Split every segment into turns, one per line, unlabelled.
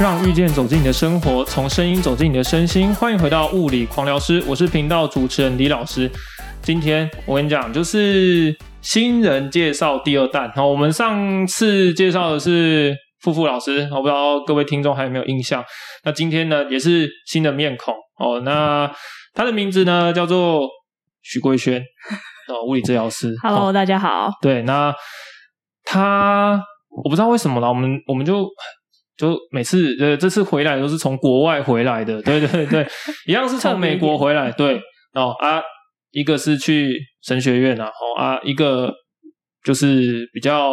讓遇見走進你的生活，從聲音走進你的身心。歡迎回到物理狂聊師，我是頻道主持人李老師。今天我跟你講，就是新人介紹第二彈。好、哦，我們上次介紹的是付付老師，我、哦、不知道各位聽眾還有沒有印象。那今天呢，也是新的面孔哦。那他的名字呢，叫做許桂瑄哦，物理治療師。 Hello，、
哦、大家好。
對，那他我不知道為什麼啦，我們我們就。就每次呃，這次回來都是從國外回來的，對對對，一樣是從美國回來，對哦啊，一個是去神學院吶、啊，哦啊，一個就是比較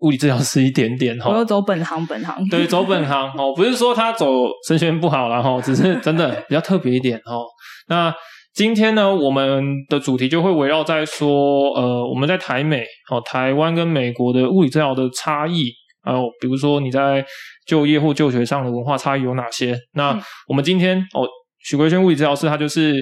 物理治療師一點點，哈，我要走本
行本行，對，走
本行哦，不是說他走神學院不好了哈，只是真的比較特別一點哈。 那今天呢，我們的主題就會圍繞在說，呃，我們在台美哦，台灣跟美國的物理治療的差異。還有、呃，比如說你在就業或就學上的文化差異有哪些？嗯、那我們今天哦，許桂瑄物理治療師他就是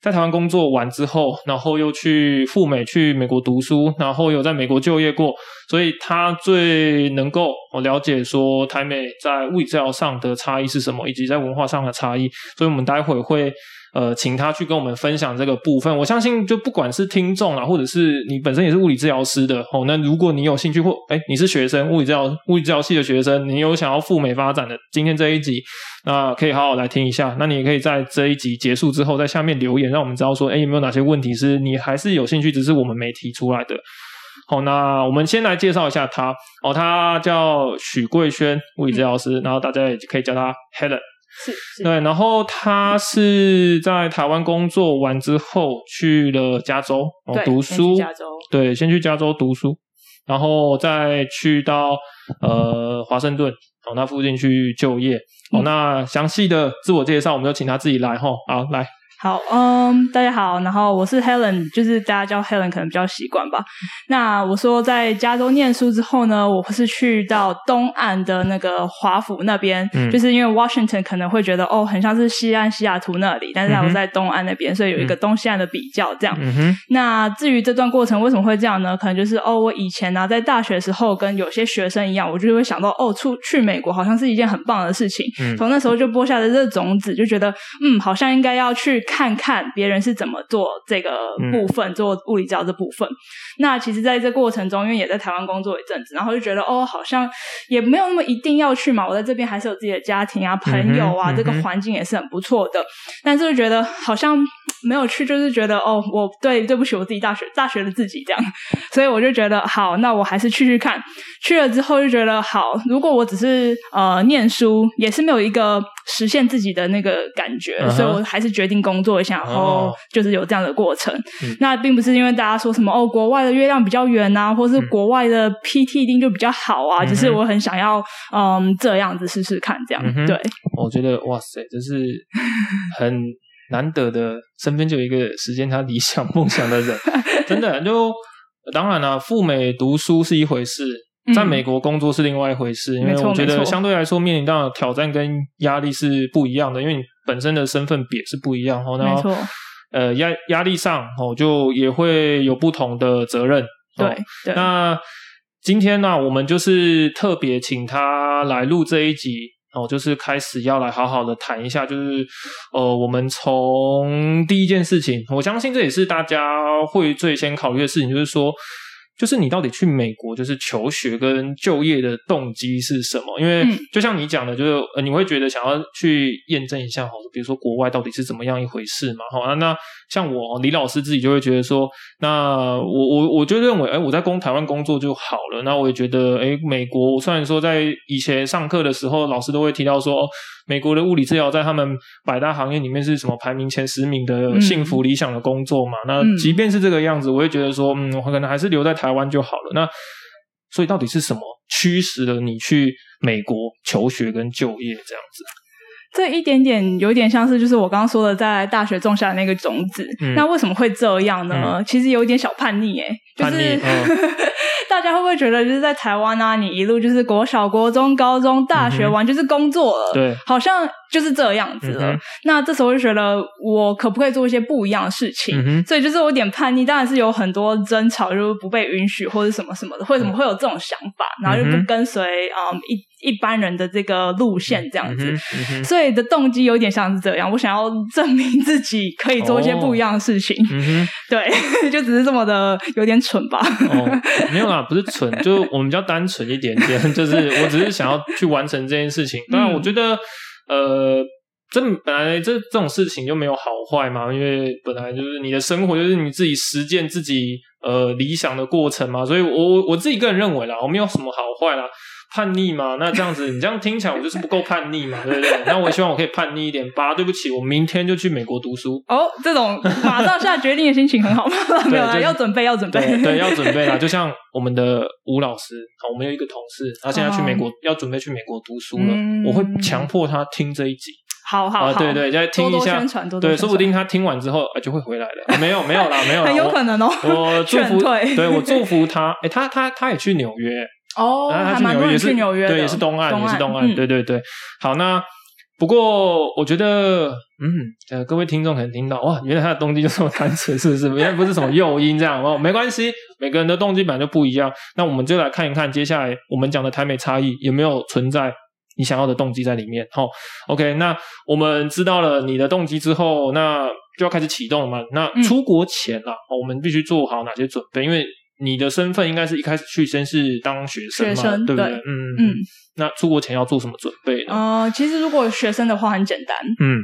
在台灣工作完之後，然後又去赴美去美國讀書，然後又在美國就業過，所以他最能夠我、哦、了解說台美在物理治療上的差異是什麼，以及在文化上的差異。所以我們待會會。呃，請他去跟我們分享這個部分。我相信，就不管是聽眾啊，或者是你本身也是物理治療師的，哦，那如果你有興趣或哎，你是學生，物理治療物理治療系的學生，你有想要赴美發展的，今天這一集，那可以好好來聽一下。那你也可以在這一集結束之後，在下面留言，讓我們知道說，哎，有沒有哪些問題是你還是有興趣，只是我們沒提出來的？好、哦，那我們先來介紹一下他，哦，他叫許桂瑄，物理治療師，嗯、然後大家也可以叫他 Helen。是，是，對，然後他是在台灣工作完之後去了加州哦對讀書，先去加州，對，先去加州讀書，然後再去到呃華盛頓哦，那附近去就業哦。那詳細的自我介紹，我們就請他自己來哈，哦，好，來。
好，嗯，大家好，然後我是 Helen，就是大家叫 Helen 可能比較習慣吧。那我說在加州念書之後呢，我是去到東岸的那個華府那邊，嗯、就是因為 Washington 可能會覺得哦，很像是西岸西雅圖那裡，但是我在東岸那邊，嗯、哼所以有一個東西岸的比較這樣。嗯、哼那至於這段過程為什麼會這樣呢？可能就是哦，我以前呢、啊、在大學時候跟有些學生一樣，我就會想到哦，出去，去美國好像是一件很棒的事情，從、嗯、那時候就播下了這種子，就覺得嗯，好像應該要去。看看別人是怎麼做這個部分，嗯、做物理治療這部分。那其實，在這過程中，因為也在台灣工作一陣子，然後就覺得，哦，好像也沒有那麼一定要去嘛。我在這邊還是有自己的家庭啊、朋友啊，嗯嗯、這個環境也是很不錯的。但是就覺得好像。沒有去，就是覺得哦，我對對不起我自己大學大學的自己這樣，所以我就覺得好，那我還是去去看。去了之後就覺得好，如果我只是呃念書，也是沒有一個實現自己的那個感覺，uh huh. 所以我還是決定工作一下，uh huh. 然後就是有這樣的過程。Uh huh. 那並不是因為大家說什麼哦，國外的月亮比較圓吶、啊，或是國外的 PT 一定就比較好啊，uh huh. 只是我很想要嗯、呃、這樣子試試看這樣。Uh huh. 對，
我覺得哇塞，這是很。 難得的身邊就有一個實現他理想夢想的人， 真的就當然了、啊，赴美讀書是一回事，在美國工作是另外一回事，嗯、因為我覺得相對來說面臨到的挑戰跟壓力是不一樣的，沒錯，因為你本身的身份別是不一樣，沒錯，然後呃，壓壓力上哦就也會有不同的責任，對，對。那今天呢、啊，我們就是特別請他來錄這一集。哦，就是開始要來好好的談一下，就是，呃，我們從第一件事情，我相信這也是大家會最先考慮的事情，就是說。就是你到底去美國就是求學跟就業的動機是什麼？因為就像你講的，就是你會覺得想要去驗證一下，好，比如說國外到底是怎麼樣一回事嘛，哈、啊。那像我李老師自己就會覺得說，那我我我就認為，誒、欸，我在公台灣工作就好了。那我也覺得，誒、欸，美國雖然說在以前上課的時候老師都會提到說。美國的物理治療在他們百大行業裡面是什麼排名前十名的幸福理想的工作嘛，嗯、那即便是這個樣子，我也覺得說，嗯，我可能還是留在台灣就好了。那所以到底是什麼驅使了你去美國求學跟就業這樣子？
這一點點有點像是就是我剛剛說的，在大學種下的那個種子。嗯、那為什麼會這樣呢？嗯、其實有一點小叛逆，哎，就是、哦、 大家會不會覺得就是在台灣啊，你一路就是國小、國中、高中、大學完就是工作了，嗯、對，好像就是這樣子了。嗯、哼那這時候就覺得我可不可以做一些不一樣的事情？嗯、哼所以就是有點叛逆，當然是有很多爭吵，就是不被允許或者什麼什麼的。為什麼會有這種想法？嗯、哼然後就不跟隨啊、嗯、一。一般人的這個路線這樣子，嗯嗯嗯、所以的動機有點像是這樣。我想要證明自己可以做一些不一樣的事情，哦嗯、對，就只是這麼的有點蠢吧。
哦， 沒有啦，不是蠢，就我們比較單純一點點， 就是我只是想要去完成這件事情。嗯、當然，我覺得呃，這本來這這種事情就沒有好壞嘛，因為本來就是你的生活，就是你自己實踐自己呃理想的過程嘛。所以我我自己個人認為啦，我沒有什麼好壞啦。叛逆嘛？那這樣子，你這樣聽起來，我就是不夠叛逆嘛，對不對？那我希望我可以叛逆一點。爸，對不起，我明天就去美國讀書。
哦，這種馬上下決定的心情很好嗎？沒有啦，要準備，要準備，對，要準備啦。就
像我們的吳老師，我們有一個同事，他現在去美國，要準備去美國讀書了。我會強迫他聽這一集。
好好好對對，再聽一下。宣傳，對，說不
定他聽完之後啊，就會回來了。沒有，沒有啦，沒有。很有可能哦。我祝福，勸退。對，我祝福他。哎，他他他也去紐約。哦、啊，他去紐約也是，還滿多人去紐約的，對，也是東岸，東岸也是東岸，嗯、對對對。好，那不過我覺得，嗯，呃、各位聽眾可能聽到，哇，原來他的動機就這麼單純，是不是？原來不是什麼誘因這樣， 哦，沒關係，每個人的動機本來就不一樣。那我們就來看一看，接下來我們講的台美差異有沒有存在你想要的動機在裡面？哦，OK，那我們知道了你的動機之後，那就要開始啟動了嘛？那出國前啦，嗯哦、我們必須做好哪些準備？因為你的身份應該是一開始去先是當學生嘛，學生對不對？嗯，對，嗯。嗯，那出國前要做什麼準備呢？哦、
呃，其實如果學生的話很簡單。嗯。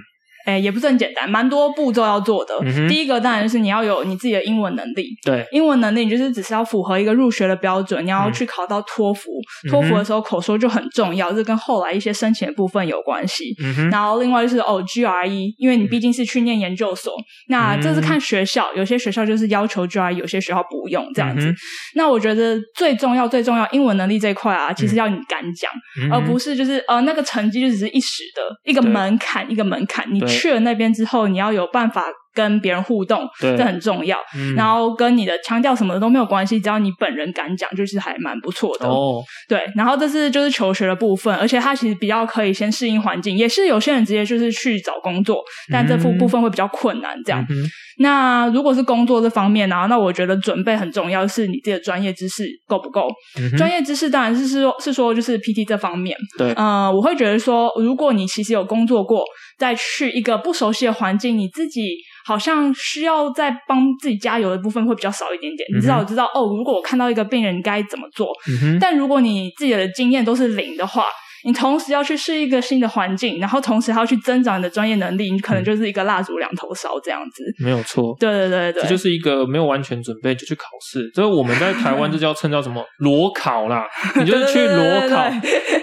哎、欸，也不是很簡單，蠻多步驟要做的。嗯、哼第一個當然就是你要有你自己的英文能力。對，英文能力你就是只是要符合一個入學的標準，你要去考到托福。托福、嗯、哼的時候口說就很重要，嗯、哼這跟後來一些申請的部分有關係。嗯、哼然後另外就是哦 GRE，因為你畢竟是去念研究所，嗯、哼那這是看學校，有些學校就是要求 GRE，有些學校不用這樣子。嗯、哼那我覺得最重要最重要英文能力這一塊啊，其實要你敢講，嗯、哼而不是就是呃那個成績就只是一時的一個門檻對一個門檻你去。去了那邊之後，你要有辦法，跟別人互動，對這很重要。嗯、然後跟你的腔調什麼的都沒有關係，只要你本人敢講，就是還蠻不錯的。哦、對。然後這是就是求學的部分，而且它其實比較可以先適應環境。也是有些人直接就是去找工作，但這部部分會比較困難。嗯、這樣。嗯、哼那如果是工作這方面呢？那我覺得準備很重要，是你自己的專業知識夠不夠？嗯、哼專業知識當然是說，是說就是 PT 這方面。對。呃，我會覺得說，如果你其實有工作過，再去一個不熟悉的環境，你自己。好像需要再幫自己加油的部分會比較少一點點。你知道，知道、嗯、哼哦。如果我看到一個病人，該怎麼做？嗯、哼但如果你自己的經驗都是零的話，你同時要去適應一個新的環境，然後同時還要去增長你的專業能力，你可能就是一個蠟燭兩頭燒這樣子。
嗯，沒有錯，對對對對，這就是一個沒有完全準備就去考試。所以我們在台灣這叫 稱叫什麼裸考啦，你就是去裸考。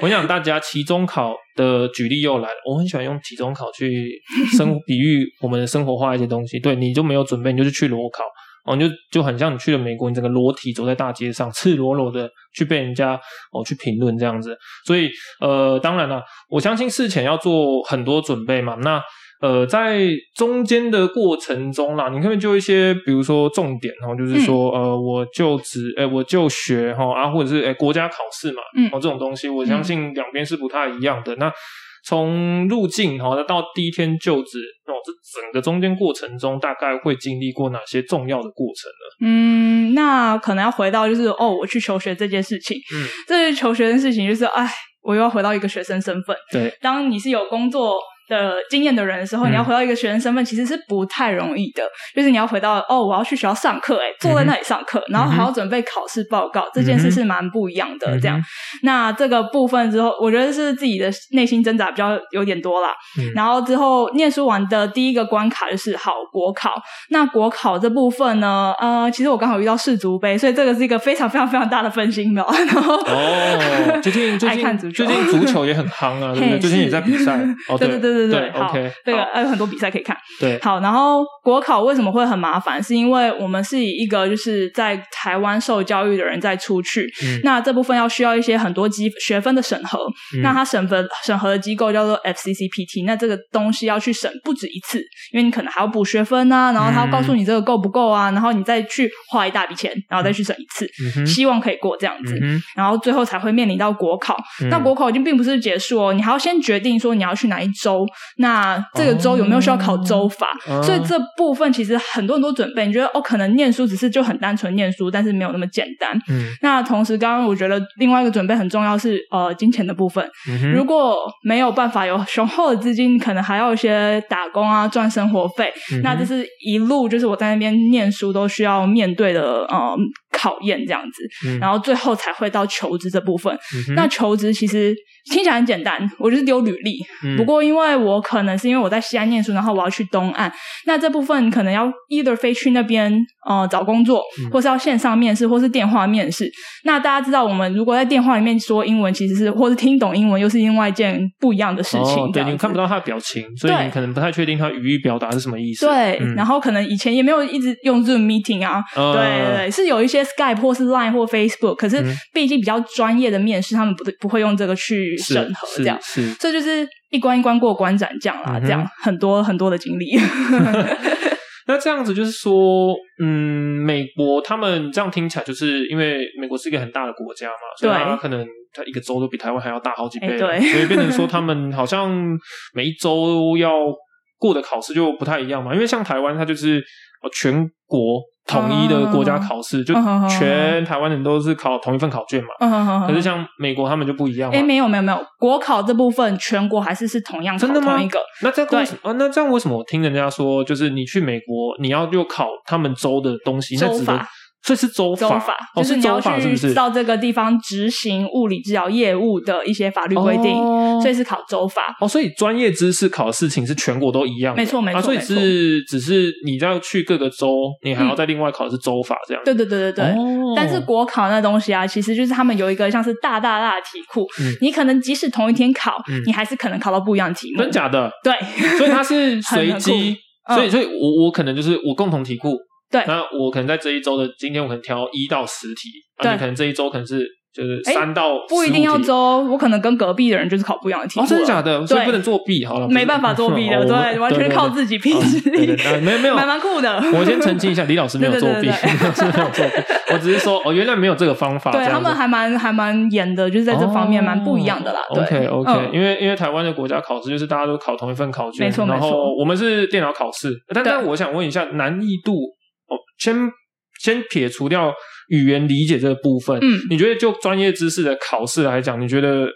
我想大家期中考的舉例又來了，我很喜歡用期中考去生比喻我們的生活化一些東西。 對，你就沒有準備，你就是去裸考。哦，你就就很像你去了美國，你整個裸體走在大街上，赤裸裸的去被人家哦去評論這樣子。所以，呃，當然啦，我相信事前要做很多準備嘛。那，呃，在中間的過程中啦，你可不可以就一些，比如說重點哦，就是說，嗯、呃，我就職，誒、欸、我就學哈啊，或者是誒、欸、國家考試嘛，哦、嗯，這種東西，我相信兩邊是不太一樣的。那。從入境，然後到第一天就職，哦，這整個中間過程中，大概會經歷過哪些重要的過程呢？嗯，
那可能要回到就是哦，我去求學這件事情。嗯，這是求學的事情，就是哎，我又要回到一個學生身份。對，當你是有工作，的經驗的人的時候，你要回到一個學生身份其實是不太容易的，嗯、就是你要回到哦，我要去學校上課、欸，哎，坐在那裡上課，然後還要準備考試報告，嗯、哼這件事是蠻不一樣的。嗯、哼這樣，那這個部分之後，我覺得是自己的內心掙扎比較有點多啦。嗯、然後之後念書完的第一個關卡就是好國考，那國考這部分呢，呃，其實我剛好遇到世足杯，所以這個是一個非常非常非常大的分心的、嗯、哼然後哦，最近
最近愛看足球，最近足球也很夯啊，對不對？最近也在比賽 對對對。對對，好，
這個還有很多比賽可以看。對，好，然後國考為什麼會很麻煩？是因為我們是以一個就是在台灣受教育的人在出去，那這部分要需要一些很多機，學分的審核。那他審核審核的機構叫做 FCCPT。那這個東西要去審不止一次，因為你可能還要補學分啊，然後他要告訴你這個夠不夠啊，然後你再去花一大筆錢，然後再去審一次，希望可以過這樣子，然後最後才會面臨到國考。那國考已經並不是結束哦，你還要先決定說你要去哪一州。那這個州有沒有需要考州法？Oh, uh, 所以這部分其實很多很多準備。你覺得哦，可能念書只是就很單純念書，但是沒有那麼簡單。嗯。那同時，剛剛我覺得另外一個準備很重要是呃金錢的部分。嗯哼。如果沒有辦法有雄厚的資金，可能還要一些打工啊賺生活費。嗯哼。那這是一路就是我在那邊念書都需要面對的呃。考驗這樣子，然後最後才會到求職這部分。嗯、哼那求職其實聽起來很簡單，我就是丟履歷。嗯、不過因為我可能是因為我在西岸念書，然後我要去東岸，那這部分可能要 either 飛去那邊、呃、找工作，或是要線上面試，或是電話面試。嗯、那大家知道，我們如果在電話裡面說英文，其實是或是聽懂英文，又是另外一件不一樣的事情。哦、對，
你看不到他的表情，所以對你可能不太確定他語義表達是什麼意思。對，嗯、然後
可能以前也沒有一直用 Zoom meeting 啊，對、呃、對，是有一些。Skype 或是 Line 或 Facebook，可是畢竟比較專業的面試，嗯、他們不不會用這個去審核這樣，是是是，所以就是一關一關過關斬將啦，嗯、哼這樣很多很多的經歷
那這樣子就是說，嗯，美國他們這樣聽起來，就是因為美國是一個很大的國家嘛，對所以可能他一個州都比台灣還要大好幾倍，欸、對 所以變成說他們好像每一州要過的考試就不太一樣嘛，因為像台灣它就是全國。統一的國家考試，嗯、就全台灣人都是考同一份考卷嘛。嗯嗯嗯嗯、可是像美國他們就不一樣嘛。哎，
沒有沒有沒有，國考這部分全國還是是同樣考同一個，真的嗎？那這樣為什
麼對、啊，那這樣為什麼我聽人家說，就是你去美國，你要就考他們州的東西，州法。那所以是州法、州法，就是你要去到這
個地方執行物理治療業務的一些法律規定，所以是考州法。
哦，所以專業知識考的事情是全國都一樣，沒錯沒錯。啊，所以是只是你要去各個州，你還要再另外考的是州法這樣。對
對對對對。哦。但是國考那東西啊，其實就是他們有一個像是大大大的題庫，你可能即使同一天考，你還是可能考到不一樣的題目。真假的？對。所以它是隨機，
所以所以我我可能就是我共同題庫。那我可能在這一周的今天，我可能挑一到十題啊。你可能這一周可能是就是三到不一定要
周，我可能跟隔壁的人就是考不一樣的題，哦，真的假的？所以不能
作弊。好了，沒辦法作弊的，對，完全靠自己拼實力。沒有沒有，蠻蠻酷的。我先澄清一下，李老師沒有作弊，沒有作弊。我只是說，哦，原來沒有這個方法。對他們
還蠻還蠻嚴的，就是在這方面蠻不一樣的啦。OK
OK，因為因為台灣的國家考試就是大家都考同一份考卷，沒錯沒錯。然後我們是電腦考試，但但我想問一下難易度。先先撇除掉語言理解這個部分，嗯，你覺得就專業知識的考試來講，你覺得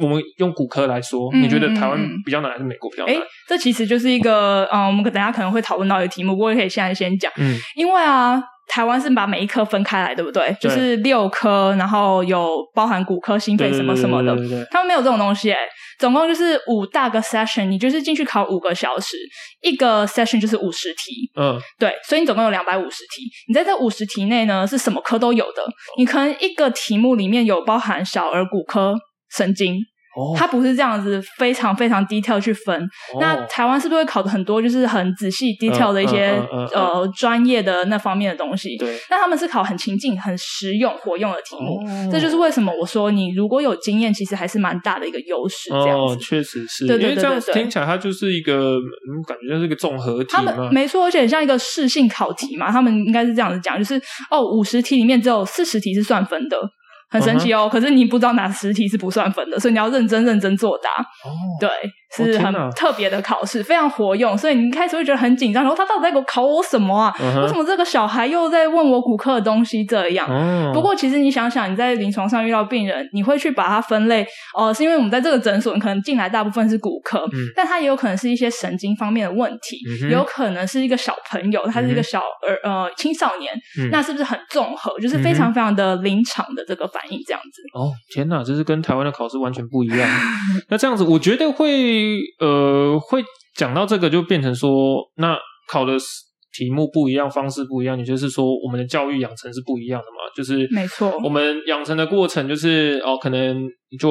我們用骨科來說，嗯嗯嗯，你覺得台灣比較難還是美國比較難？哎、
欸，這其實就是一個，嗯，我們等下可能會討論到的題目，不過可以現在先講，嗯，因為啊。台灣是把每一科分開來，對不對？對就是六科，然後有包含骨科、心肺什麼什麼的。他們沒有這種東西，欸，總共就是五大個 session，你就是進去考五個小時，一個 session 就是五十題，嗯，對，所以你總共有兩百五十題。你在這五十題內呢，是什麼科都有的，你可能一個題目裡面有包含小兒骨科、神經。它不是這樣子，非常非常 detail 去分。哦、那台灣是不是會考的很多就是很仔細 detail 的一些，嗯嗯嗯嗯、呃專業的那方面的東西？對，那他們是考很情境，很實用，活用的題目。哦、這就是為什麼我說，你如果有經驗，其實還是蠻大的一個優
勢。這樣子，確、哦、實是，對對，對，對，對對，這樣聽起來它就是一個、嗯、感覺就是一個綜合題嘛，他們沒
錯，而且很像一個試性考題嘛，他們應該是這樣子講，就是哦，五十題裡面只有四十題是算分的。很神奇哦，uh huh. 可是你不知道哪十題是不算分的，所以你要認真認真作答，Oh. 對。是很特別的考試，哦、非常活用，所以你一開始會覺得很緊張，然後他到底在給我考我什麼啊？Uh huh、為什麼這個小孩又在問我骨科的東西這樣？Uh huh、不過其實你想想，你在臨床上遇到病人，你會去把它分類，哦、呃，是因為我們在這個診所你可能進來大部分是骨科，嗯、但他也有可能是一些神經方面的問題，嗯、哼有可能是一個小朋友，他是一個小、嗯、哼呃青少年，嗯、那是不是很綜合？就是非常非常的臨場的這個反應這樣子。
嗯、哦，天哪，這是跟台灣的考試完全不一樣的。 那這樣子，我覺得會。呃，會講到這個，就變成說，那考的題目不一樣，方式不一樣，也就是說，我們的教育養成是不一樣的嘛？就是，沒錯，我們養成的過程就是，哦，可能。就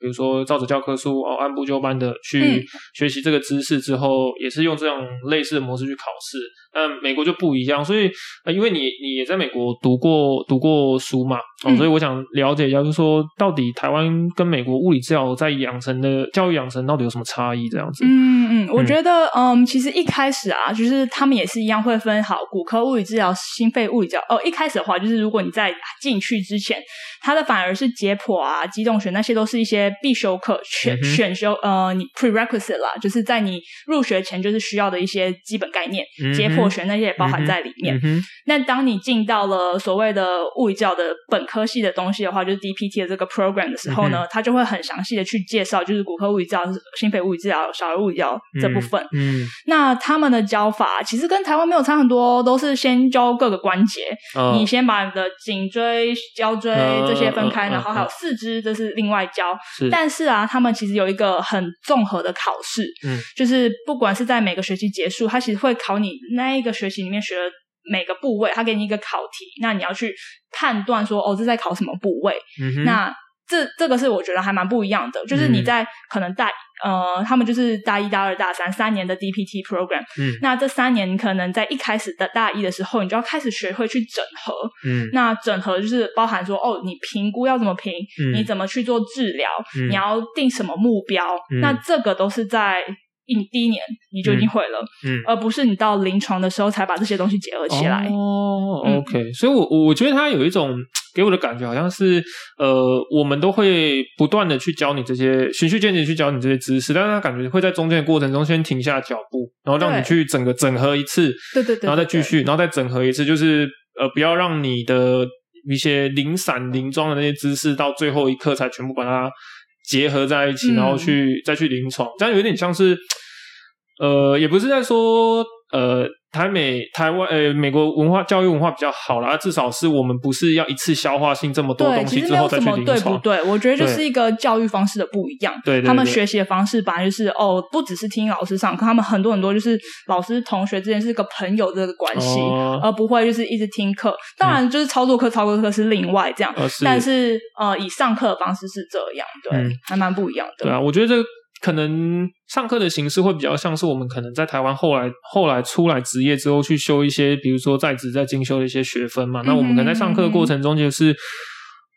比如說照着教科書哦，按部就班的去學習這個知識之後，嗯、也是用這樣類似的模式去考試。那美國就不一樣，所以、呃、因為你你也在美國讀過讀過書嘛、哦，所以我想了解一下，就是說到底台灣跟美國物理治療在養成的教育養成到底有什麼差異？這樣子，嗯
嗯，嗯我覺得嗯，其實一開始啊，就是他們也是一樣會分好骨科物理治療、心肺物理治療。哦，一開始的話，就是如果你在進去之前，他的反而是解剖啊、機動。那些都是一些必修課、選選修呃，你 prerequisite 啦，就是在你入學前就是需要的一些基本概念，解剖、嗯、哼學那些也包含在裡面。嗯嗯、那當你進到了所謂的物理治療的本科系的東西的話，就是 DPT 的這個 program 的時候呢，嗯、哼他就會很詳細的去介紹，就是骨科物理治療、心肺物理治療、小兒物理治療這部分。嗯，嗯那他們的教法其實跟台灣沒有差很多，都是先教各個關節，哦、你先把你的頸椎、腰椎這些分開，哦、然後還有四肢、就，這是。另外教，是。但是啊，他們其實有一個很綜合的考試，嗯，就是不管是在每個學期結束，他其實會考你那一個學期裡面學的每個部位，他給你一個考題，那你要去判斷說，哦，這在考什麼部位？嗯哼，那。這這個是我覺得還蠻不一樣的，就是你在可能大、嗯、呃，他們就是大一、大二、大三三年的 DPT program，嗯，那這三年你可能在一開始的大一的時候，你就要開始學會去整合，嗯、那整合就是包含說哦，你評估要怎麼評，嗯、你怎麼去做治療，嗯、你要定什麼目標，嗯、那這個都是在。一第一年你就已經會了嗯，嗯，而不是你到臨床的時候才把這些東西結合起來。
哦、嗯、OK，所以我我覺得它有一種給我的感覺，好像是呃，我們都會不斷的去教你這些循序漸進去教你這些知識，但是它感覺會在中間的過程中先停下腳步，然後讓你去整個對整合一次，對對對，對，然後再繼續，對對對對然後再整合一次，就是呃，不要讓你的一些零散零裝的那些知識到最後一刻才全部把它。結合在一起，然後去、嗯、再去臨床，這樣有點像是，呃，也不是在說。呃，臺美台灣呃，美國文化教育文化比較好啦，至少是我們不是要一次消化性這麼多東西之後再去臨床，對，其實沒有什麼對不對，
我覺得就是一個教育方式的不一樣。對，對，他們學習的方式本來就是哦，不只是聽老師上課，他們很多很多就是老師同學之間是個朋友這個關係，哦、而不會就是一直聽課。當然就是操作課、操作課是另外這樣，呃、是但是呃，以上課的方式是這樣，對，嗯、還蠻不一樣的。對
啊，我覺得這個。可能上課的形式會比較像是我們可能在台灣後來後來出來職業之後去修一些，比如說在職在進修的一些學分嘛。嗯、那我們可能在上課的過程中，就是、嗯、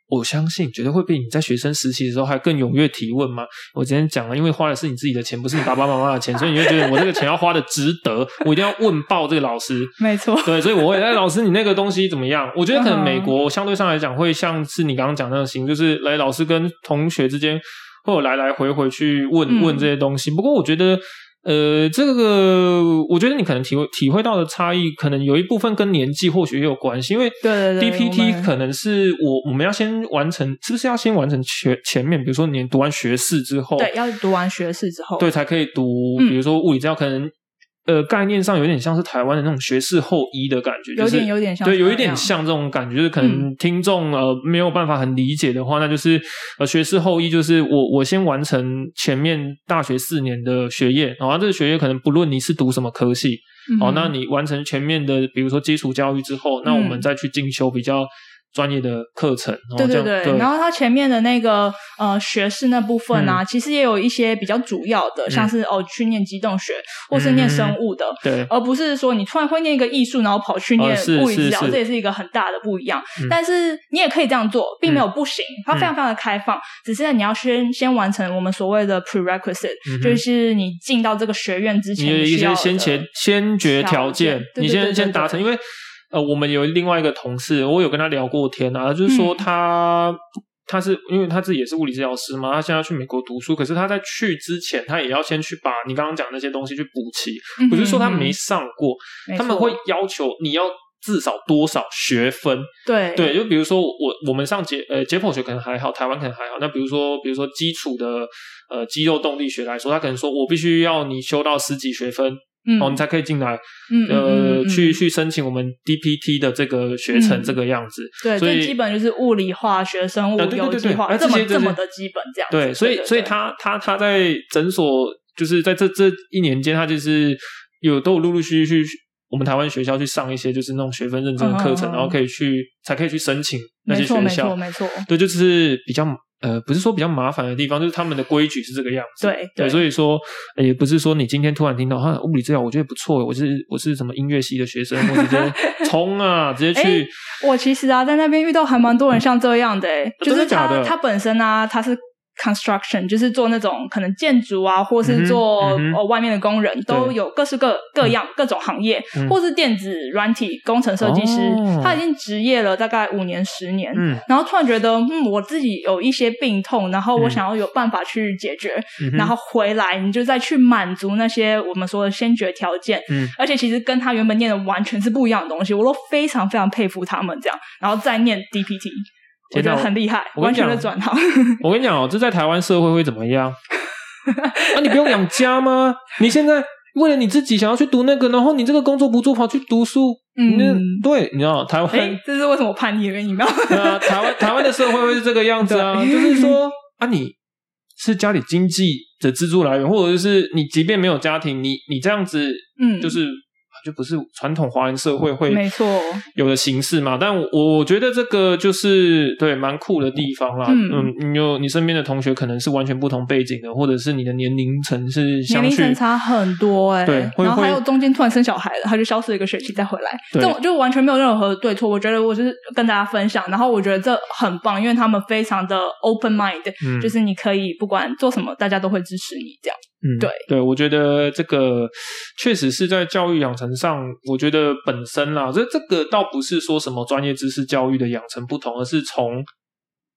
我相信絕對會比你在學生實習的時候還更踴躍提問嘛。我今天講了，因為花的是你自己的錢，不是你爸爸媽媽的錢， 所以你會覺得我這個錢要花的值得，我一定要問爆這個老師。沒錯，對，所以我問哎，老師你那個東西怎麼樣？我覺得可能美國相對上來講會像是你剛剛講的那種形式，就是來老師跟同學之間。會有來來回回去問問這些東西，嗯、不過我覺得，呃，這個我覺得你可能體會體會到的差異，可能有一部分跟年紀或許也有關係，因為 DPT 可能是我我們，我們要先完成，是不是要先完成前前面？比如說你讀完學士之後，對，
要讀完學士之後，對，
才可以讀，比如說物理治療、嗯、可能。呃，概念上有點像是台灣的那種學士後醫的感覺，有點、就是、有點像，對，有一點像這種感覺。就是可能聽眾、嗯、呃，沒有辦法很理解的話，那就是呃學士後醫，就是我我先完成前面大學四年的學業，然、哦、後、啊、這個學業可能不論你是讀什麼科系，嗯、哼哦，那你完成前面的，比如說基礎教育之後，嗯、那我們再去進修比較。專業的課程，對對對，然後它
前面的那個呃學士那部分啊，其實也有一些比較主要的，像是哦去念肌動學，或是念生物的，對，而不是說你突然會念一個藝術，然後跑去念物理治療，這也是一個很大的不一樣。但是你也可以這樣做，並沒有不行，它非常非常的開放，只是呢你要先先完成我們所謂的 prerequisite，就是你進到這個學院之前，有一些先前
先決條件，你先先達成，因為。呃，我們有另外一個同事，我有跟他聊過天啊，就是說他，嗯、他是因為他自己也是物理治療師嘛，他現在要去美國讀書，可是他在去之前，他也要先去把你剛剛講的那些東西去補齊。我就說他沒上過，嗯嗯他們會要求你要至少多少學分？
對錯對，
就比如說我我們上解呃解剖學可能還好，台灣可能還好。那比如說比如說基礎的呃肌肉動力學來說，他可能說我必須要你修到十幾學分。哦，你才可以進來，呃，去去申請我們 DPT 的這個學程，這個樣子。對，所以基
本就是物理、化學、生物、對對。有機化這麼這麼的基本這樣。對，所以所
以他他他在診所，就是在這這一年間，他就是有都有陸陸續續去我們台灣學校去上一些就是那種學分認證的課程，然後可以去才可以去申請那些學校。沒錯，沒錯，對，就是比較。呃，不是說比較麻煩的地方，就是他們的規矩是這個樣子。對對，對，所以說也不是說你今天突然聽到哈、啊，物理治療我覺得不錯，我是我是什麼音樂系的學生，我直接衝啊， 直接去、
欸。我其實啊，在那邊遇到還蠻多人像這樣的，嗯、就是他、啊、真的假的？他本身啊，他是，Construction 就是做那種可能建築啊，或是做哦，嗯嗯呃、外面的工人，都有各式各對各樣各種行業，嗯、或是電子軟體工程設計師。哦，他已經職業了大概五年、十年，嗯、然後突然覺得嗯，我自己有一些病痛，然後我想要有辦法去解決，嗯、然後回來你就再去滿足那些我們說的先決條件，嗯、而且其實跟他原本念的完全是不一樣的東西，我都非常非常佩服他們這樣，然後再念 DPT。覺得很厲害，完全轉
好。我跟你講哦，這在台灣社會會怎麼樣？那、啊、你不用養家嗎？你現在為了你自己想要去讀那個，然後你這個工作不做，跑去讀書，嗯，對，你知道台灣
誒，這是為什麼叛逆的？你原因。對啊，
台灣台灣的社會會是這個樣子啊，對就是說啊，你是家裡經濟的支柱來源，或者就是你即便沒有家庭，你你這樣子，嗯，就是。嗯就不是傳統華人社會會沒錯有的形式嘛，嗯、但我我覺得這個就是對蠻酷的地方啦。嗯，嗯，你有你身邊的同學可能是完全不同背景的，或者是你的年齡層是年齡層差
很多哎、欸。對，然後還有中間突然生小孩了，他就消失一個學期再回來，對這種就完全沒有任何的對錯。我覺得我就是跟大家分享，然後我覺得這很棒，因為他們非常的 open mind、嗯、就是你可以不管做什麼，大家都會支持你這樣。嗯，
對對，我覺得這個確實是在教育養成上我覺得本身啦，這這個倒不是說什麼專業知識教育的養成不同，而是從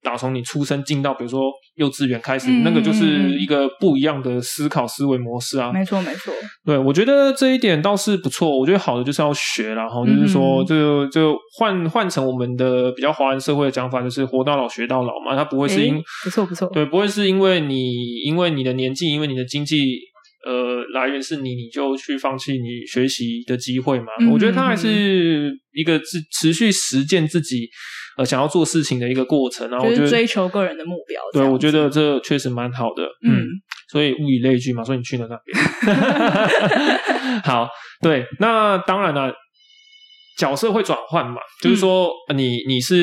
打從你出生進到比如說幼稚園開始，嗯、那個就是一個不一樣的思考思維模式啊。沒錯
沒錯，沒
錯對我覺得這一點倒是不錯。我覺得好的就是要學然後就是說、嗯、就就換換成我們的比較華人社會的講法，就是活到老學到老嘛。他不會是因不錯、欸、不錯，不錯對，不會是因為你因為你的年紀，因為你的經濟。呃，來源是你，你就去放棄你學習的機會嘛？嗯嗯嗯，我覺得他還是一個自持續實踐自己呃想要做事情的一個過程，然、啊、後就是追
求個人的目標。對，
我覺得這確實蠻好的。嗯，嗯，所以物以類聚嘛，所以你去了那邊。哈哈哈。好，對，那當然了、啊，角色會轉換嘛，嗯、就是說你你是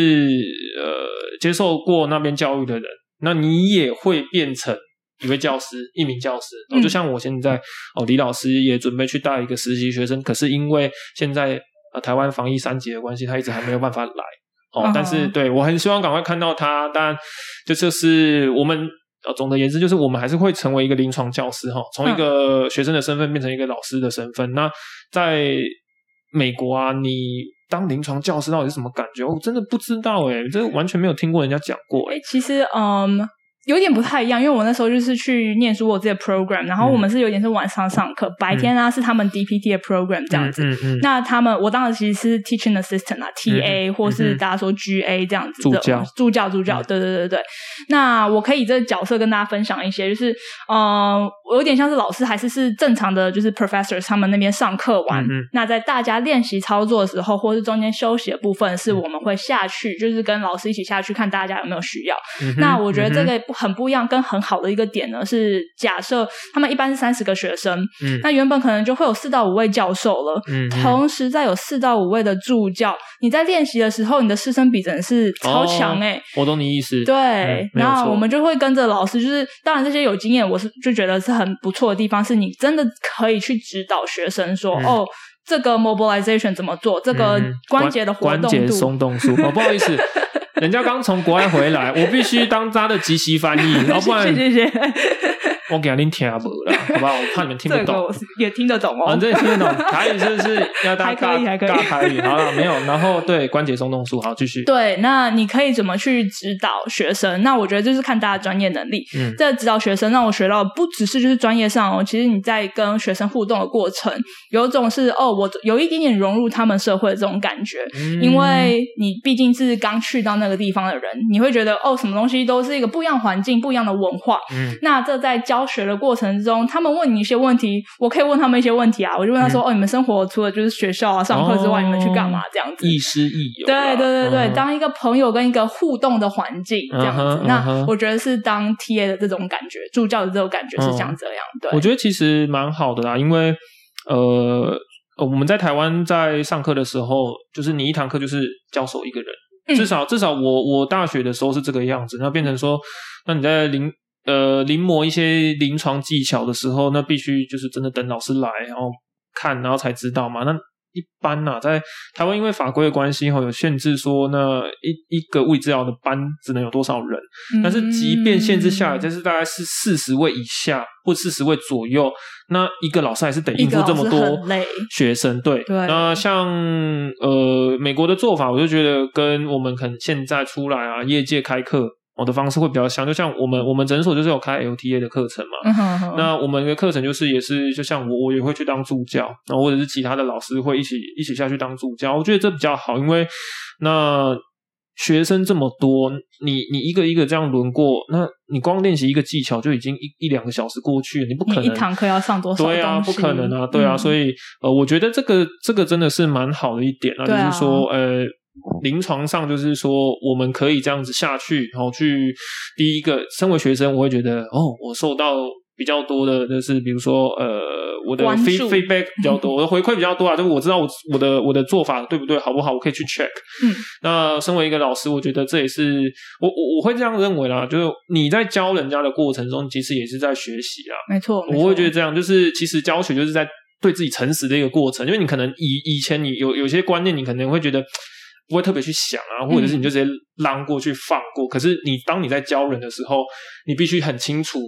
呃接受過那邊教育的人，那你也會變成。一位教師，一名教師、哦，就像我現在，哦，李老師也準備去帶一個實習學生，可是因為現在啊、呃，台灣防疫三級的關係，他一直還沒有辦法來，哦，uh huh. 但是，對，我很希望趕快看到他，但這就是我們、哦，總的言之，就是我們還是會成為一個臨床教師哈、哦，從一個學生的身份變成一個老師的身份。Uh huh. 那在美國啊，你當臨床教師到底是什麼感覺？我真的不知道，誒，這完全沒有聽過人家講過，誒，
其實，嗯、um。有點不太一樣，因為我那時候就是去念書，我自己的 program，然後我們是有點是晚上上課，白天啊是他們 D P T 的 program 這樣子。那他們，我當時其實是 teaching assistant 啊，T A 或是大家說 G A 這樣子。的，助教，助教，助教，對對對對。那我可以這個角色跟大家分享一些，就是，嗯，有點像是老師，還是是正常的就是 professor 他們那邊上課完，那在大家練習操作的時候，或是中間休息的部分，是我們會下去，就是跟老師一起下去看大家有沒有需要。那我覺得這個不。很不一樣，跟很好的一個點呢是，假設他們一般是三十個學生，嗯，那原本可能就會有四到五位教授了，嗯，嗯，同時再有四到五位的助教，你在練習的時候，你的師生比真是超強哎、欸哦，
我懂你意思，對，然後、嗯、我們
就會跟着老師，就是當然這些有經驗，我是就覺得是很不錯的地方，是你真的可以去指導學生說，嗯、哦，這個 mobilization 怎麼做，這個關節的活動度關節鬆
動術，哦，不好意思。 人家剛從國外回來， 我必須當他的即席翻譯， 然後不然。是是是是我給好吧，我怕你們聽不懂。 也，
也聽得懂哦，反正，也，聽得懂。台語就是，是要大卡大卡好了，沒
有，然後對關節鬆動術，好，繼續。
對，那你可以怎麼去指導學生？那我覺得就是看大家專業能力。嗯，這指導學生，讓我學到不只是就是專業上哦，其實你在跟學生互動的過程，有種是哦，我有一點點融入他們社會的這種感覺。嗯，因為你畢竟是剛去到那個地方的人，你會覺得哦，什麼東西都是一個不一樣環境，不一樣的文化。嗯，那這在教學的過程中，他們問你一些問題，我可以問他們一些問題啊。我就問他說：“嗯、哦，你們生活除了就是學校啊、上課之外，哦、你們去幹嘛？”這樣子，
亦師亦友、啊對。對對對對，對嗯、當一
個朋友跟一個互動的環境這樣子，啊、哈那、啊、哈我覺得是當 TA 的這種感覺，助教的這種感
覺是像這樣子。嗯、對我覺得其實蠻好的啦，因為呃，我們在台灣在上課的時候，就是你一堂課就是教授一個人，嗯、至少至少我我大學的時候是這個樣子。那變成說，那你在零。呃，臨摹一些臨床技巧的時候，那必須就是真的等老師來，然後看，然後才知道嘛。那一般啊，在台灣因為法規的關係，有限制說，那一一,一個物理治療的班只能有多少人？嗯、但是即便限制下來，就是大概是四十位以下，嗯、或四十位左右，那一個老師還是得應付這麼多學生。對，對那像呃美國的做法，我就覺得跟我們可能現在出來啊，業界開課。我的方式會比較像，就像我們我們診所就是有開 LTA 的課程嘛。嗯、好好。那我們的課程就是也是，就像我我也會去當助教，然後或者是其他的老師會一起一起下去當助教。我覺得這比較好，因為那學生這麼多，你你一個一個這樣輪過，那你光練習一個技巧就已經一一兩個小時過去了，你不可能一堂課
要上多少？對啊，不可能啊，對啊。嗯、所以
呃，我覺得這個這個真的是蠻好的一點啊，啊就是說呃。臨床上就是說，我們可以這樣子下去，好去第一個。身為學生，我會覺得哦，我受到比較多的，就是比如說呃，我的 feedback 比較多，我的回饋比較多啊，嗯哼。就是我知道我我的我的做法對不對，好不好，我可以去 check。嗯，那身為一個老師，我覺得這也是我我我會這樣認為啦，就是你在教人家的過程中，其實也是在學習啦。
沒錯，沒錯我會覺得
這樣，就是其實教學就是在對自己誠實的一個過程，因為你可能以以前你有有些觀念，你可能會覺得。不會特別去想啊，或者是你就直接讓過去放過。嗯、可是你當你在教人的時候，你必須很清楚，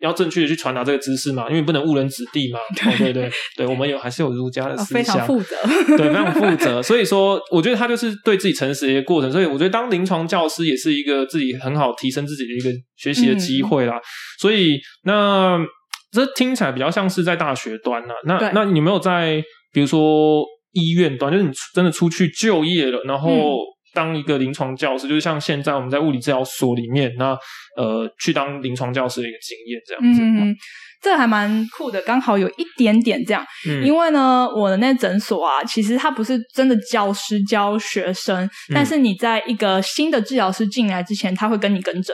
要正確的去傳達這個知識嘛，因為不能誤人子弟嘛，對、哦、對對。對,對我們有還是有儒家的思想，哦、非常負責，對，非常負責。 所以說，我覺得他就是對自己誠實的一個過程。所以我覺得當臨床教師也是一個自己很好提升自己的一個學習的機會啦。嗯、所以那這聽起來比較像是在大學端呢。那對那,那你沒有在比如說。醫院端就是你真的出去就業了，然後當一個臨床教師，嗯、就是像現在我們在物理治療所裡面，那呃去當臨床教師的一個經驗這樣子。嗯嗯
嗯這還蠻酷的，剛好有一點點這樣，嗯、因為呢，我的那診所啊，其實他不是真的教師教學生，嗯、但是你在一個新的治療師進來之前，他會跟你跟診，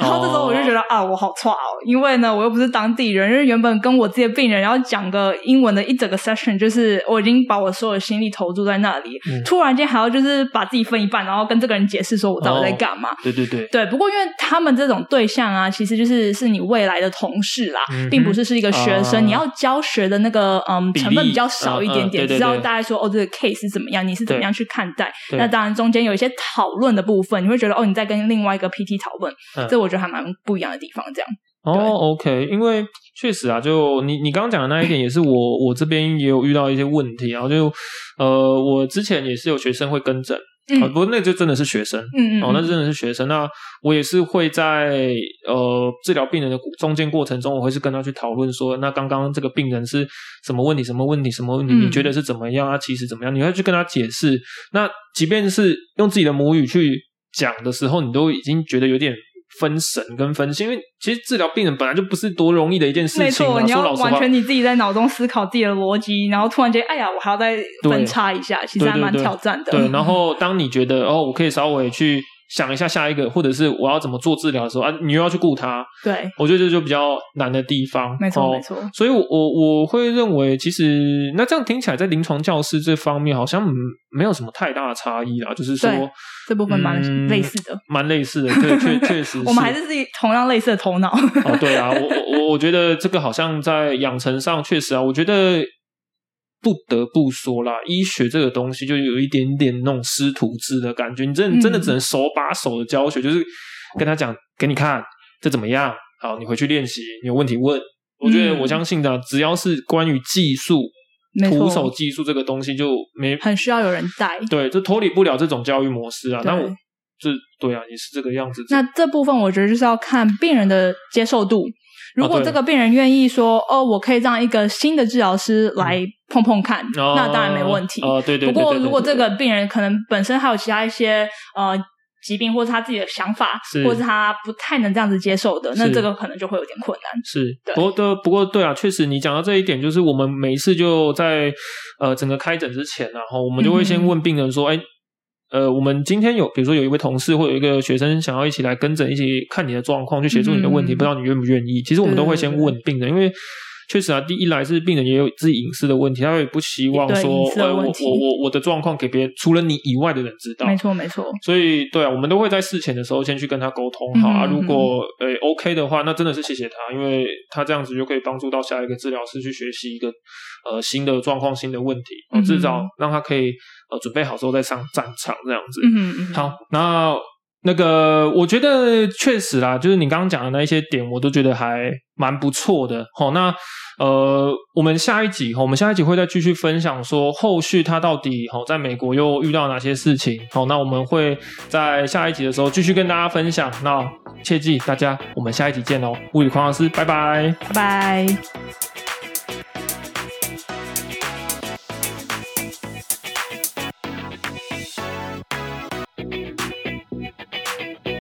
然後這時候我就覺得、哦、啊、啊，我好差哦，因為呢，我又不是當地人，因為原本跟我這些病人，然後講個英文的一整個 session，就是我已經把我所有的心力投注在那裡，嗯、突然間還要就是把自己分一半，然後跟這個人解釋說我到底在幹嘛？哦、對對對，對。不過因為他們這種對象啊，其實就是是你未來的同事啦，并、嗯。不是是一個學生，嗯、你要教學的那個嗯例成分比較少一點點，知道、嗯、大家說哦這個 case 是怎麼樣，你是怎麼樣去看待？對那當然中間有一些討論的部分，你會覺得哦你在跟另外一個 PT 討論，嗯、這我覺得還蠻不一樣的地方。這樣、
嗯、對哦，OK，因為確實啊，就你你剛剛講的那一點也是我 我這邊也有遇到一些問題、啊，然後就呃我之前也是有學生會跟診。啊、嗯哦，不過，那就真的是學生，嗯嗯，哦，那真的是學生。那我也是會在呃治療病人的中間過程中，我會是跟他去討論說，那剛剛這個病人是什麼問題，什麼問題，什麼問題，你覺得是怎麼樣？啊，其實怎麼樣？你會去跟他解釋。那即便是用自己的母語去講的時候，你都已經覺得有點。分神跟分析，因為其實治療病人本來就不是多容易的一件事情，啊。沒錯，說老實話，你要完全你
自己在腦中思考自己的邏輯，然後突然間，哎呀，我還要再分叉一下，對其實還蠻挑戰的。對，然
後當你覺得哦，我可以稍微去。想一下下一個，或者是我要怎麼做治療的時候啊，你又要去顧他。對，我覺得這就比較難的地方。沒錯沒錯，所以我，我我會認為，其實那這樣聽起來，在臨床教師這方面，好像沒有什麼太大的差異啦。對就是說，這部
分蠻類似
的，蠻、嗯、類似的。對，確確實是。 我們還是
是同樣類似的頭腦。 啊，
對啊，我我我覺得這個好像在養成上確實啊，我覺得。不得不說啦，醫學這個東西就有一點點那種師徒制的感覺，你真的、嗯、真的只能手把手的教學，就是跟他講，給你看這怎麼樣，好，你回去練習，你有問題問。我覺得、嗯、我相信的、啊，只要是關於技術、
徒手，徒手技
術這個東西，就沒很需要有
人帶，對，
就脫離不了這種教育模式啊。對那我這對啊，也是這個樣子。那
這部分我覺得就是要看病人的接受度，
如果這個
病人願意說，啊、哦，我可以讓一個新的治療師來、嗯。碰碰看，那當然沒問題。哦、呃呃，對對，對，對，不過如果這個病人可能本身還有其他一些呃疾病，或者他自己的想法，是或者他不太能這樣子接受的，是那這個可能就會有點困難。是
對不，不過的，不過，對啊，確實你講到這一點，就是我們每一次就在呃整個開診之前、啊，然後我們就會先問病人說：“哎、嗯，呃，我們今天有比如說有一位同事或有一個學生想要一起來跟診，一起看你的狀況，去協助你的問題，嗯、不知道你願不願意？”其實我們都會先問病人，對對對因為。確實啊，第一來是病人也有自己隱私的問題，他也不希望說，對呃，我我我的狀況給別人除了你以外的人知道，沒
錯沒錯。沒錯，
所以對啊，我們都會在事前的時候先去跟他溝通好嗯嗯嗯啊。如果誒、呃、OK 的話，那真的是謝謝他，因為他這樣子就可以幫助到下一個治療師去學習一個呃新的狀況、新的問題，呃，至少讓他可以呃準備好之後再上戰場這樣子。嗯嗯，嗯嗯。好，那。那個，我覺得確實啦，就是你剛剛講的那一些點，我都覺得還蠻不錯的。好、哦，那呃，我們下一集、哦，我們下一集會再繼續分享說，說後續他到底好、哦、在美國又遇到哪些事情。好、哦，那我們會在下一集的時候繼續跟大家分享。那切記，大家，我們下一集見哦！物理狂老師，拜拜，
拜拜。